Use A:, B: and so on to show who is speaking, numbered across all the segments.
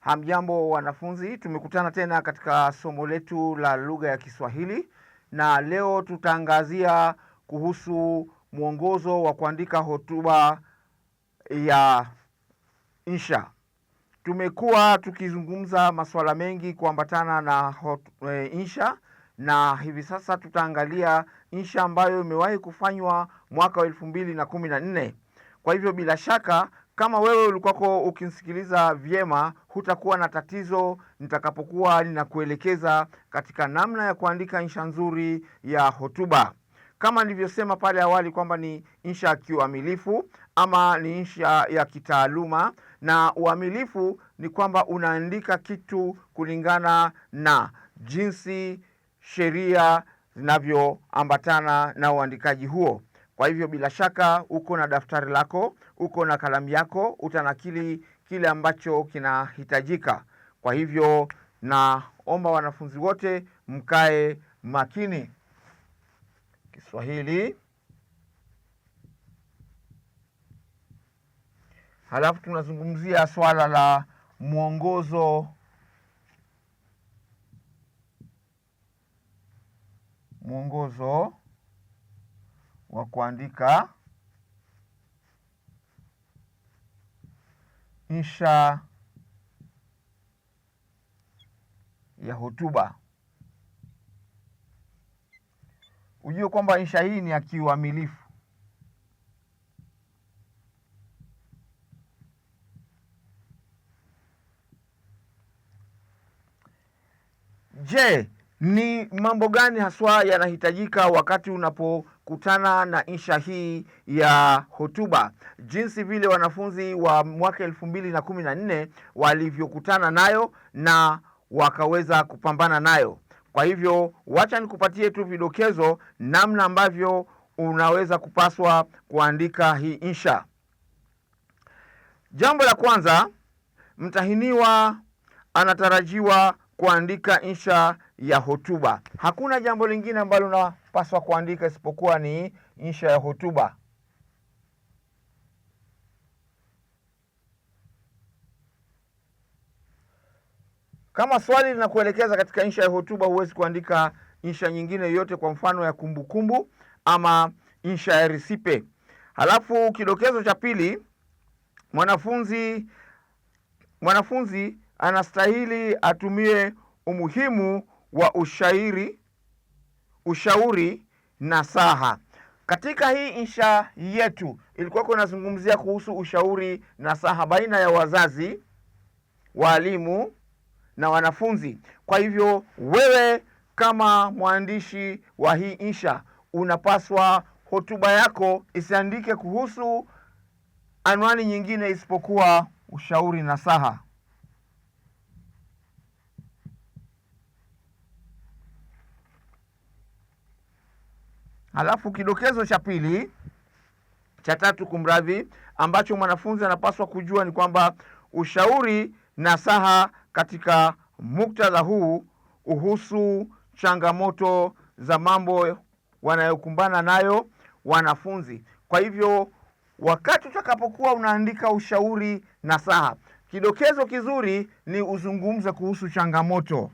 A: Hamjambo wanafunzi, tumekutana tena katika somo letu la lugha ya Kiswahili na leo tutaangazia kuhusu mwongozo wa kuandika hotuba ya insha. Tumekuwa tukizungumza masuala mengi kuambatana na hot, e, insha na hivi sasa tutaangalia insha ambayo imewahi kufanywa mwaka wa elfu mbili na kumi na nne kwa hivyo bila shaka kama wewe ulikuwako ukimsikiliza vyema, hutakuwa na tatizo nitakapokuwa ninakuelekeza katika namna ya kuandika insha nzuri ya hotuba. Kama nilivyosema pale awali kwamba ni insha ya kiuamilifu ama ni insha ya kitaaluma, na uamilifu ni kwamba unaandika kitu kulingana na jinsi sheria zinavyoambatana na uandikaji huo. Kwa hivyo bila shaka uko na daftari lako, uko na kalamu yako, utanakili kile ambacho kinahitajika. Kwa hivyo naomba wanafunzi wote mkae makini. Kiswahili. Halafu tunazungumzia swala la mwongozo mwongozo wa kuandika insha ya hotuba. Ujue kwamba insha hii ni ya kiuamilifu. Je, ni mambo gani haswa yanahitajika wakati unapo kutana na insha hii ya hotuba, jinsi vile wanafunzi wa mwaka elfu mbili na kumi na nne walivyokutana nayo na wakaweza kupambana nayo. Kwa hivyo, wacha nikupatie tu vidokezo namna ambavyo unaweza kupaswa kuandika hii insha. Jambo la kwanza, mtahiniwa anatarajiwa kuandika insha ya hotuba. Hakuna jambo lingine ambalo na paswa kuandika isipokuwa ni insha ya hotuba. Kama swali linakuelekeza katika insha ya hotuba, huwezi kuandika insha nyingine yoyote, kwa mfano ya kumbukumbu kumbu, ama insha ya risipe. Halafu kidokezo cha pili, mwanafunzi mwanafunzi anastahili atumie umuhimu wa ushairi ushauri na saha Katika hii insha yetu ilikuwa kunazungumzia kuhusu ushauri na saha baina ya wazazi, waalimu na wanafunzi. Kwa hivyo wewe kama mwandishi wa hii insha unapaswa hotuba yako isiandike kuhusu anwani nyingine isipokuwa ushauri na saha Halafu kidokezo cha pili cha tatu, kumradhi, ambacho mwanafunzi anapaswa kujua ni kwamba ushauri na saha katika muktadha huu uhusu changamoto za mambo wanayokumbana nayo wanafunzi. Kwa hivyo wakati utakapokuwa unaandika ushauri na saha, kidokezo kizuri ni uzungumze kuhusu changamoto.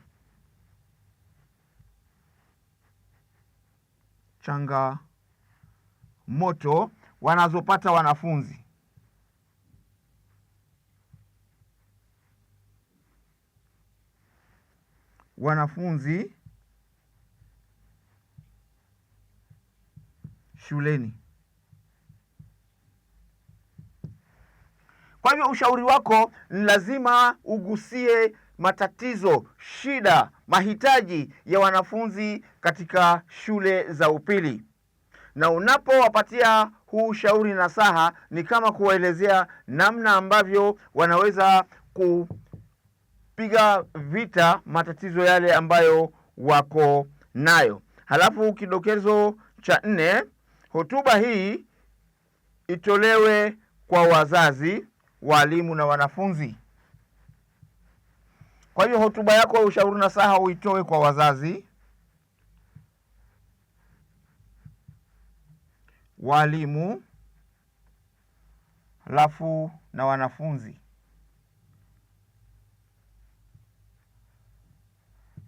A: moto wanazopata wanafunzi wanafunzi shuleni. Kwa hivyo ushauri wako ni lazima ugusie matatizo, shida, mahitaji ya wanafunzi katika shule za upili, na unapowapatia huu shauri saha ni kama kuwaelezea namna ambavyo wanaweza kupiga vita matatizo yale ambayo wako nayo. Halafu kidokezo cha nne, hotuba hii itolewe kwa wazazi, walimu na wanafunzi. Kwa hiyo hotuba yako ya ushauri na saha uitoe kwa wazazi, walimu, halafu na wanafunzi.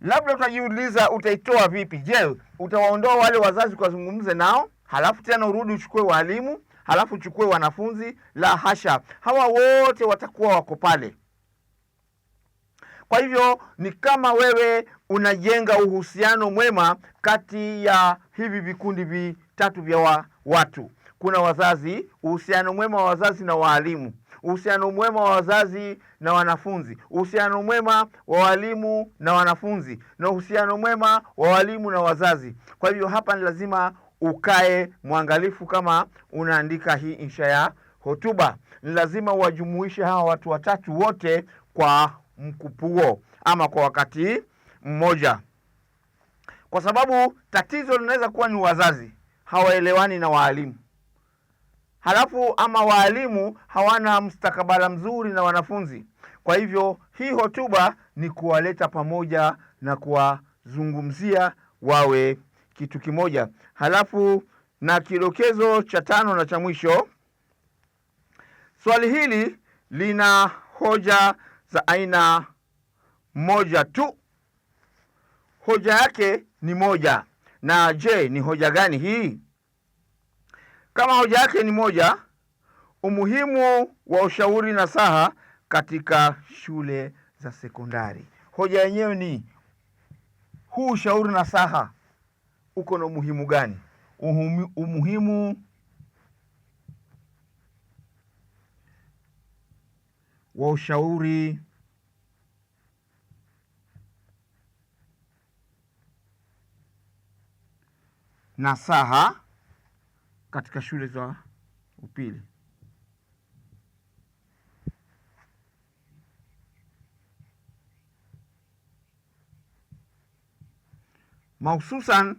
A: Labda utajiuliza utaitoa vipi? Je, utawaondoa wale wazazi ukazungumze nao, halafu tena urudi uchukue walimu, halafu uchukue wanafunzi? La hasha, hawa wote watakuwa wako pale kwa hivyo ni kama wewe unajenga uhusiano mwema kati ya hivi vikundi vitatu vya wa, watu. Kuna wazazi, uhusiano mwema wa wazazi na waalimu, uhusiano mwema wa wazazi na wanafunzi, uhusiano mwema wa walimu na wanafunzi, na uhusiano mwema wa walimu na wazazi. Kwa hivyo hapa ni lazima ukae mwangalifu kama unaandika hii insha ya hotuba. Ni lazima uwajumuishe hawa watu watatu wote kwa mkupuo ama kwa wakati mmoja, kwa sababu tatizo linaweza kuwa ni wazazi hawaelewani na waalimu, halafu ama waalimu hawana mstakabala mzuri na wanafunzi. Kwa hivyo hii hotuba ni kuwaleta pamoja na kuwazungumzia wawe kitu kimoja. Halafu na kidokezo cha tano na cha mwisho, swali hili lina hoja za aina moja tu, hoja yake ni moja. Na je, ni hoja gani hii? Kama hoja yake ni moja, umuhimu wa ushauri na saha katika shule za sekondari. Hoja yenyewe ni huu ushauri na saha uko na umuhimu gani? Umuhimu wa ushauri nasaha katika shule za upili. mahususan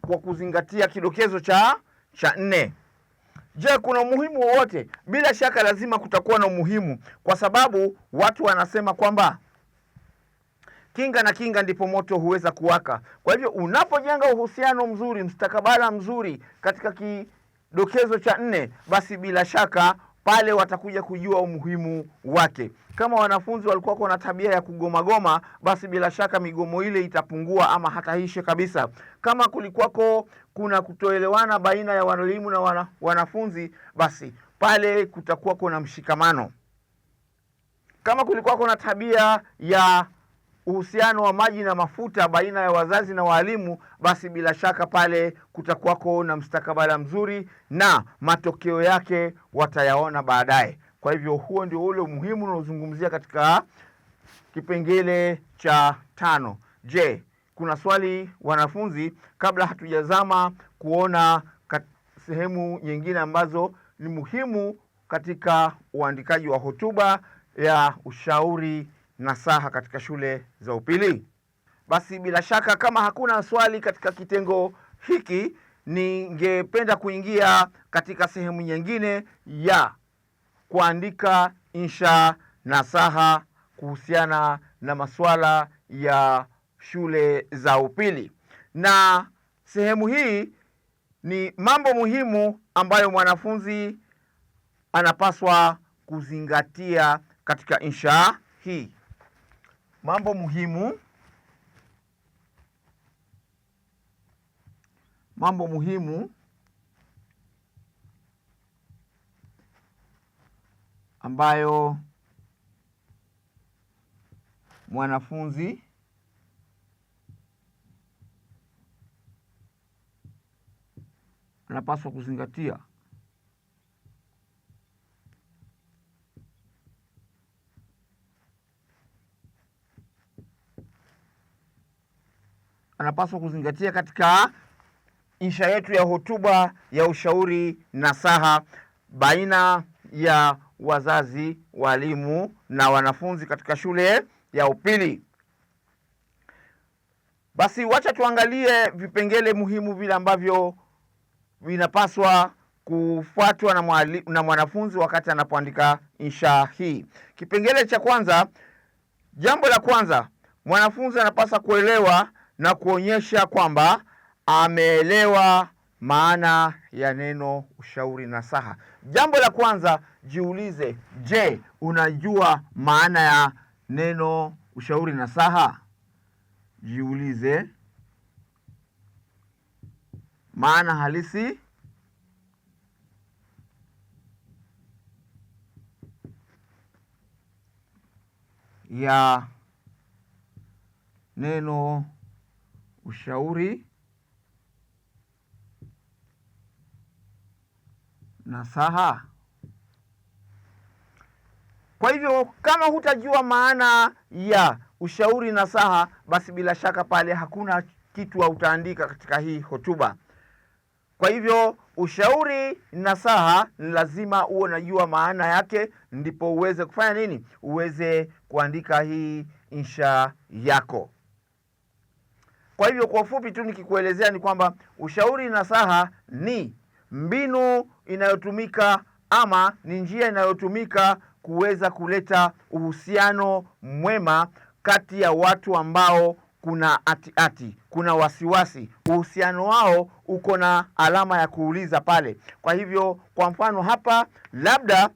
A: kwa kuzingatia kidokezo cha cha nne. Je, kuna umuhimu wowote? Bila shaka lazima kutakuwa na umuhimu, kwa sababu watu wanasema kwamba kinga na kinga ndipo moto huweza kuwaka. Kwa hivyo unapojenga uhusiano mzuri, mstakabala mzuri katika kidokezo cha nne, basi bila shaka pale watakuja kujua umuhimu wake. Kama wanafunzi walikuwa na tabia ya kugomagoma, basi bila shaka migomo ile itapungua ama hataishe kabisa. Kama kulikuwako kuna kutoelewana baina ya walimu na wana, wanafunzi, basi pale kutakuwa kuna mshikamano. Kama kulikuwa kuna tabia ya uhusiano wa maji na mafuta baina ya wazazi na waalimu, basi bila shaka pale kutakuwako na mstakabala mzuri na matokeo yake watayaona baadaye. Kwa hivyo huo ndio ule umuhimu unaozungumzia katika kipengele cha tano. Je, kuna swali wanafunzi, kabla hatujazama kuona sehemu nyingine ambazo ni muhimu katika uandikaji wa hotuba ya ushauri na saha katika shule za upili. Basi bila shaka, kama hakuna swali katika kitengo hiki, ningependa kuingia katika sehemu nyingine ya kuandika insha saha kuhusiana na masuala ya shule za upili. Na sehemu hii ni mambo muhimu ambayo mwanafunzi anapaswa kuzingatia katika insha hii. Mambo muhimu, mambo muhimu ambayo mwanafunzi anapaswa kuzingatia anapaswa kuzingatia katika insha yetu ya hotuba ya ushauri na saha baina ya wazazi, walimu na wanafunzi katika shule ya upili. Basi wacha tuangalie vipengele muhimu vile ambavyo vinapaswa kufuatwa na, mwali, na mwanafunzi wakati anapoandika insha hii. Kipengele cha kwanza, jambo la kwanza, mwanafunzi anapaswa kuelewa na kuonyesha kwamba ameelewa maana ya neno ushauri na saha Jambo la kwanza, jiulize, je, unajua maana ya neno ushauri na saha Jiulize maana halisi ya neno ushauri, nasaha. Kwa hivyo kama hutajua maana ya ushauri nasaha, basi bila shaka pale hakuna kitu utaandika katika hii hotuba. Kwa hivyo ushauri saha ni lazima uwe unajua maana yake, ndipo uweze kufanya nini, uweze kuandika hii insha yako. Kwa hivyo kwa ufupi tu nikikuelezea ni kwamba ushauri na saha ni mbinu inayotumika ama ni njia inayotumika kuweza kuleta uhusiano mwema kati ya watu ambao kuna atiati ati, kuna wasiwasi. Uhusiano wao uko na alama ya kuuliza pale. Kwa hivyo, kwa mfano hapa, labda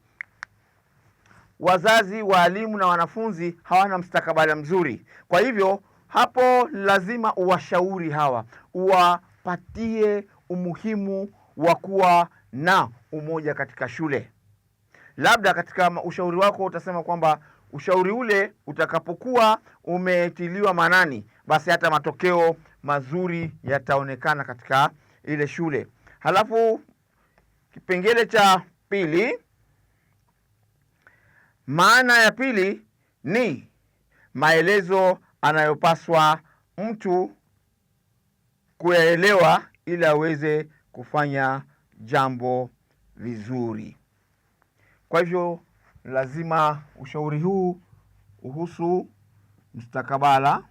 A: wazazi, waalimu na wanafunzi hawana mstakabali mzuri. Kwa hivyo, hapo lazima uwashauri hawa, uwapatie umuhimu wa kuwa na umoja katika shule. Labda katika ushauri wako utasema kwamba ushauri ule utakapokuwa umetiliwa maanani, basi hata matokeo mazuri yataonekana katika ile shule. Halafu kipengele cha pili, maana ya pili ni maelezo anayopaswa mtu kuyaelewa ili aweze kufanya jambo vizuri. Kwa hivyo lazima ushauri huu uhusu mustakabala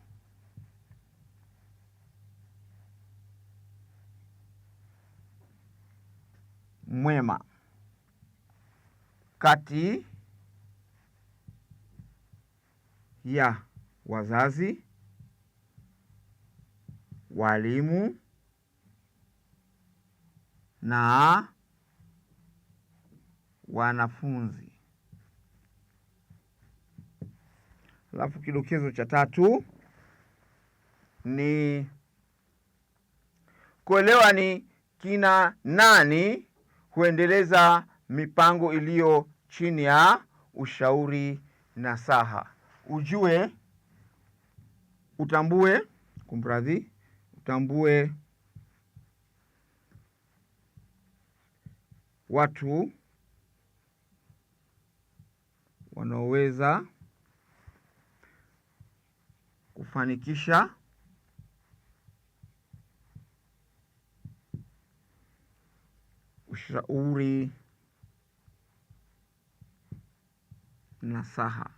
A: mwema kati ya wazazi, walimu na wanafunzi. Alafu kidokezo cha tatu ni kuelewa ni kina nani huendeleza mipango iliyo chini ya ushauri na saha Ujue, utambue, kumradhi, utambue watu wanaoweza kufanikisha ushauri nasaha.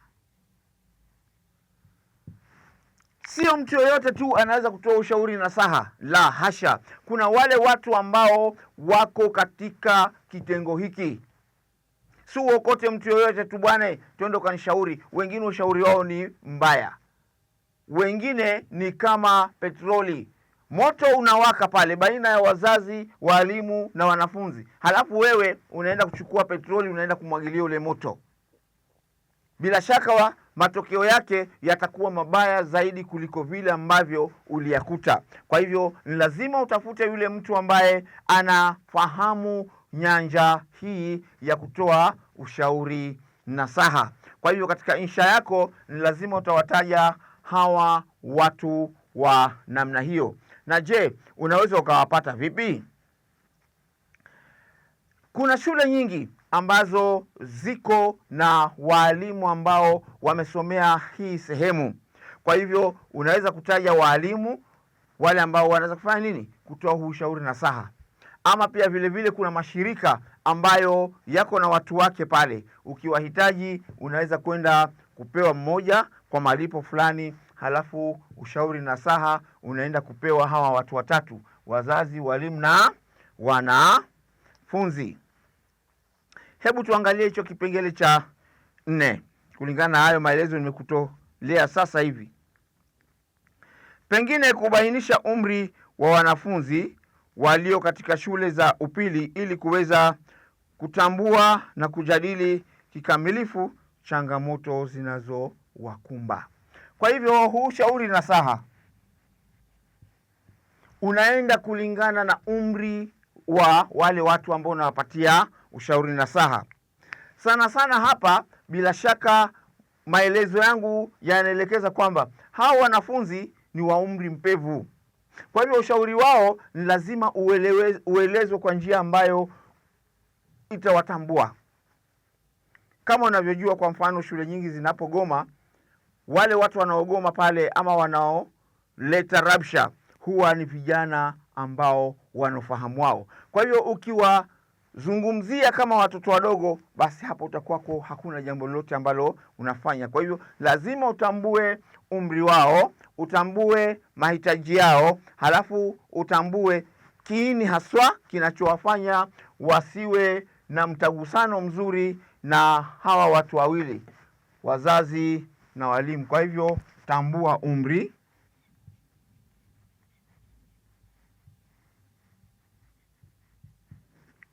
A: Sio mtu yoyote tu anaweza kutoa ushauri na saha la hasha. Kuna wale watu ambao wako katika kitengo hiki. Si uokote mtu yoyote tu, bwana twende ukanishauri. Wengine ushauri wao ni mbaya wengine ni kama petroli. Moto unawaka pale baina ya wazazi, walimu na wanafunzi, halafu wewe unaenda kuchukua petroli, unaenda kumwagilia ule moto. Bila shaka wa matokeo yake yatakuwa mabaya zaidi kuliko vile ambavyo uliyakuta. Kwa hivyo ni lazima utafute yule mtu ambaye anafahamu nyanja hii ya kutoa ushauri nasaha. Kwa hivyo katika insha yako ni lazima utawataja hawa watu wa namna hiyo. Na je, unaweza ukawapata vipi? Kuna shule nyingi ambazo ziko na waalimu ambao wamesomea hii sehemu. Kwa hivyo unaweza kutaja waalimu wale ambao wanaweza kufanya nini, kutoa huu ushauri saha Ama pia vile vile kuna mashirika ambayo yako na watu wake pale, ukiwahitaji unaweza kwenda kupewa mmoja kwa malipo fulani, halafu ushauri na saha unaenda kupewa hawa watu watatu: wazazi, walimu na wanafunzi. Hebu tuangalie hicho kipengele cha nne, kulingana na hayo maelezo nimekutolea sasa hivi. Pengine kubainisha umri wa wanafunzi walio katika shule za upili ili kuweza kutambua na kujadili kikamilifu changamoto zinazo wakumba. Kwa hivyo huu ushauri saha unaenda kulingana na umri wa wale watu ambao unawapatia ushauri na saha Sana sana hapa, bila shaka, maelezo yangu yanaelekeza kwamba hawa wanafunzi ni wa umri mpevu. Kwa hivyo ushauri wao ni lazima uelezwe kwa njia ambayo itawatambua. Kama unavyojua, kwa mfano, shule nyingi zinapogoma wale watu wanaogoma pale ama wanaoleta rabsha huwa ni vijana ambao wanaofahamu wao. Kwa hiyo ukiwazungumzia kama watoto wadogo, basi hapo utakuwako hakuna jambo lolote ambalo unafanya. Kwa hivyo lazima utambue umri wao, utambue mahitaji yao, halafu utambue kiini haswa kinachowafanya wasiwe na mtagusano mzuri na hawa watu wawili, wazazi na walimu. Kwa hivyo tambua umri,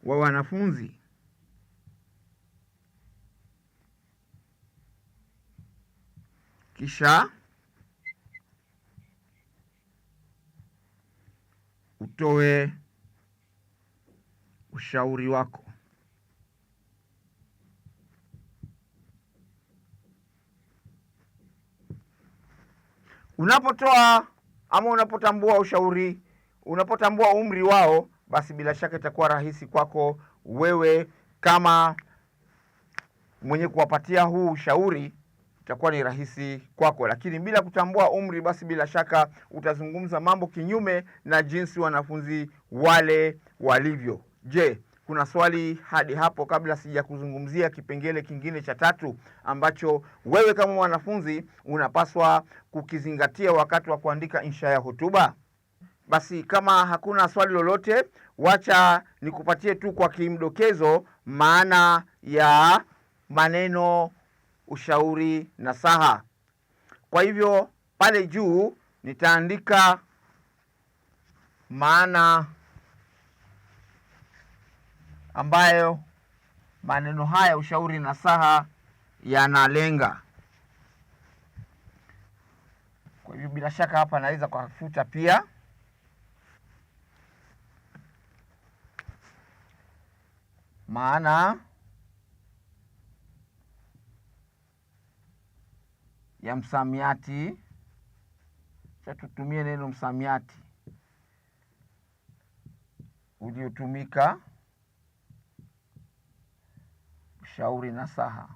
A: wa wanafunzi kisha utoe ushauri wako. Unapotoa ama unapotambua ushauri, unapotambua umri wao, basi bila shaka itakuwa rahisi kwako wewe kama mwenye kuwapatia huu ushauri itakuwa ni rahisi kwako, lakini bila kutambua umri, basi bila shaka utazungumza mambo kinyume na jinsi wanafunzi wale walivyo. Je, kuna swali hadi hapo, kabla sija kuzungumzia kipengele kingine cha tatu ambacho wewe kama mwanafunzi unapaswa kukizingatia wakati wa kuandika insha ya hotuba. Basi kama hakuna swali lolote, wacha nikupatie tu kwa kimdokezo maana ya maneno ushauri na saha. Kwa hivyo pale juu nitaandika maana ambayo maneno haya ushauri na saha yanalenga. Kwa hivyo bila shaka hapa naweza kufuta pia maana ya msamiati. Cha tutumie neno msamiati uliotumika shauri nasaha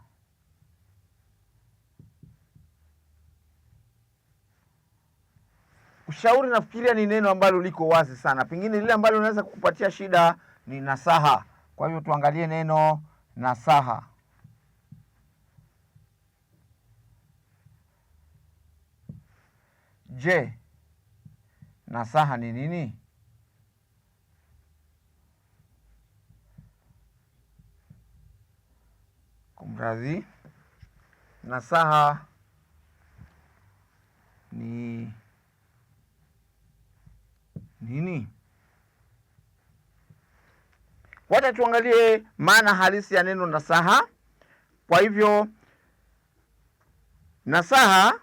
A: ushauri nafikiria ni neno ambalo liko wazi sana, pengine lile ambalo unaweza kukupatia shida ni nasaha. Kwa hivyo tuangalie neno nasaha. Je, nasaha ni nini? radhi. Nasaha ni nini? Wacha tuangalie maana halisi ya neno nasaha. Kwa hivyo nasaha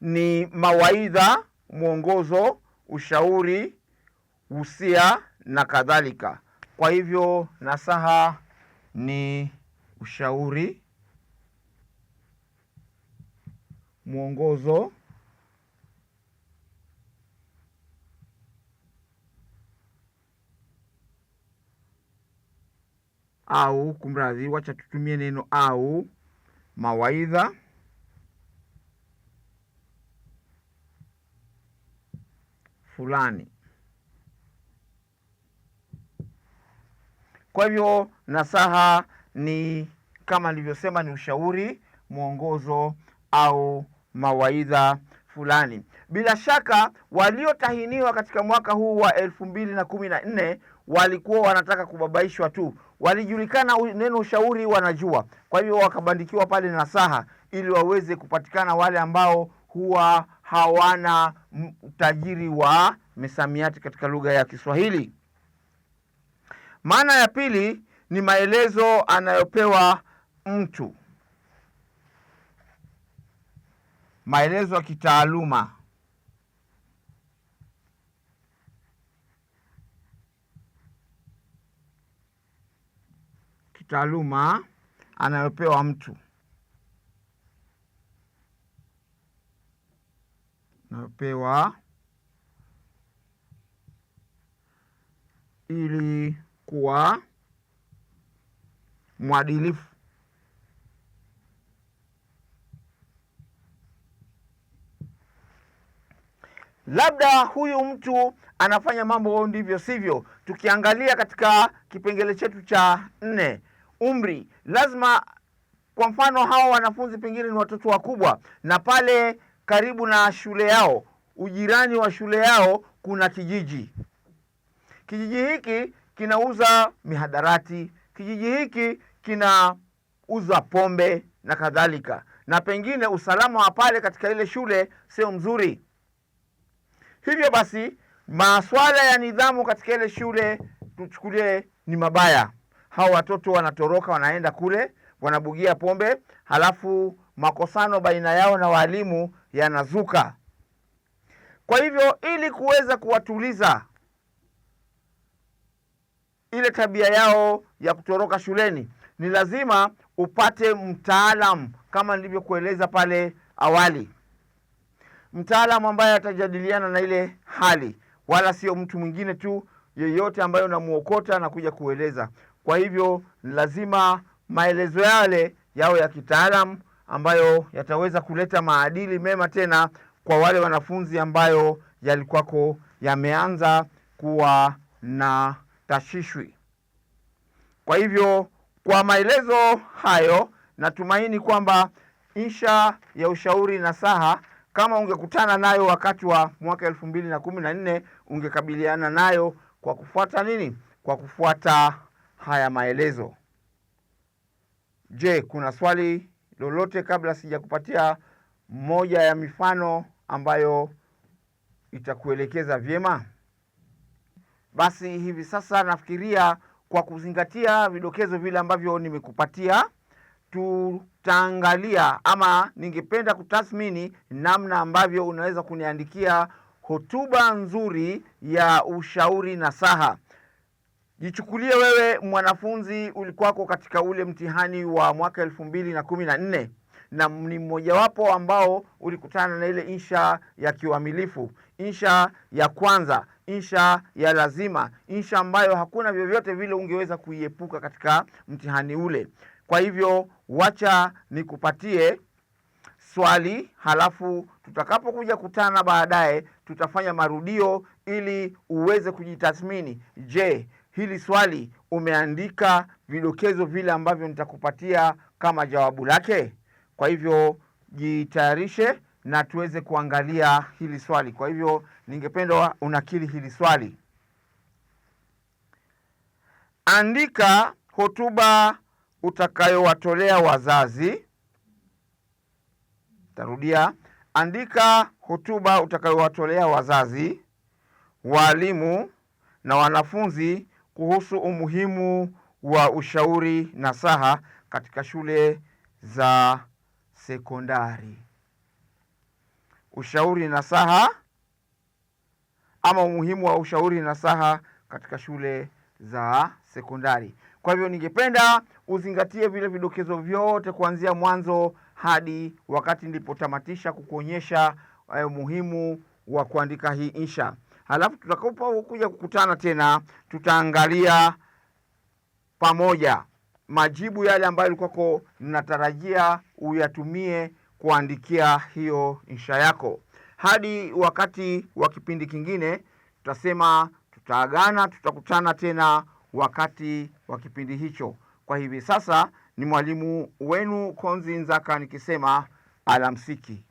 A: ni mawaidha, mwongozo, ushauri, usia na kadhalika. Kwa hivyo nasaha ni ushauri, mwongozo, au kumradhi, wacha tutumie neno au, mawaidha fulani. Kwa hivyo nasaha ni kama nilivyosema, ni ushauri, mwongozo au mawaidha fulani. Bila shaka waliotahiniwa katika mwaka huu wa elfu mbili na kumi na nne walikuwa wanataka kubabaishwa tu, walijulikana neno ushauri wanajua, kwa hivyo wakabandikiwa pale nasaha, ili waweze kupatikana wale ambao huwa hawana utajiri wa misamiati katika lugha ya Kiswahili. Maana ya pili ni maelezo anayopewa mtu, maelezo ya kitaaluma. Kitaaluma anayopewa mtu, anayopewa ili kuwa mwadilifu Labda huyu mtu anafanya mambo ndivyo sivyo. Tukiangalia katika kipengele chetu cha nne, umri, lazima kwa mfano, hawa wanafunzi pengine ni watoto wakubwa, na pale karibu na shule yao, ujirani wa shule yao, kuna kijiji. Kijiji hiki kinauza mihadarati, kijiji hiki kinauza pombe na kadhalika, na pengine usalama wa pale katika ile shule sio mzuri. Hivyo basi maswala ya nidhamu katika ile shule tuchukulie ni mabaya. Hao watoto wanatoroka, wanaenda kule, wanabugia pombe, halafu makosano baina yao na waalimu yanazuka. Kwa hivyo, ili kuweza kuwatuliza ile tabia yao ya kutoroka shuleni ni lazima upate mtaalamu kama nilivyokueleza pale awali, mtaalamu ambaye atajadiliana na ile hali, wala sio mtu mwingine tu yeyote ambaye unamuokota na kuja kueleza. Kwa hivyo ni lazima maelezo yale yawe ya kitaalamu ambayo yataweza kuleta maadili mema tena kwa wale wanafunzi ambayo yalikwako yameanza kuwa na tashishwi. Kwa hivyo kwa maelezo hayo, natumaini kwamba insha ya ushauri na saha kama ungekutana nayo wakati wa mwaka elfu mbili na kumi na nne ungekabiliana nayo kwa kufuata nini? Kwa kufuata haya maelezo. Je, kuna swali lolote kabla sijakupatia moja ya mifano ambayo itakuelekeza vyema? Basi hivi sasa nafikiria kwa kuzingatia vidokezo vile ambavyo nimekupatia, tutaangalia ama ningependa kutathmini namna ambavyo unaweza kuniandikia hotuba nzuri ya ushauri na saha Jichukulie wewe mwanafunzi ulikuwako katika ule mtihani wa mwaka elfu mbili na kumi na nne na ni mmojawapo ambao ulikutana na ile insha ya kiuamilifu, insha ya kwanza insha ya lazima, insha ambayo hakuna vyovyote vile ungeweza kuiepuka katika mtihani ule. Kwa hivyo wacha nikupatie swali, halafu tutakapokuja kutana baadaye tutafanya marudio ili uweze kujitathmini. Je, hili swali umeandika vidokezo vile ambavyo nitakupatia kama jawabu lake? Kwa hivyo jitayarishe na tuweze kuangalia hili swali. Kwa hivyo, ningependa unakili hili swali: andika hotuba utakayowatolea wazazi. Tarudia, andika hotuba utakayowatolea wazazi, walimu na wanafunzi kuhusu umuhimu wa ushauri na saha katika shule za sekondari ushauri na saha ama umuhimu wa ushauri na saha katika shule za sekondari. Kwa hivyo, ningependa uzingatie vile vidokezo vyote kuanzia mwanzo hadi wakati nilipotamatisha kukuonyesha eh, umuhimu wa kuandika hii insha. Halafu tutakapokuja kukutana tena, tutaangalia pamoja majibu yale ambayo kwako natarajia uyatumie kuandikia hiyo insha yako. Hadi wakati wa kipindi kingine, tutasema tutaagana, tutakutana tena wakati wa kipindi hicho. Kwa hivi sasa ni mwalimu wenu Konzi Nzaka nikisema alamsiki.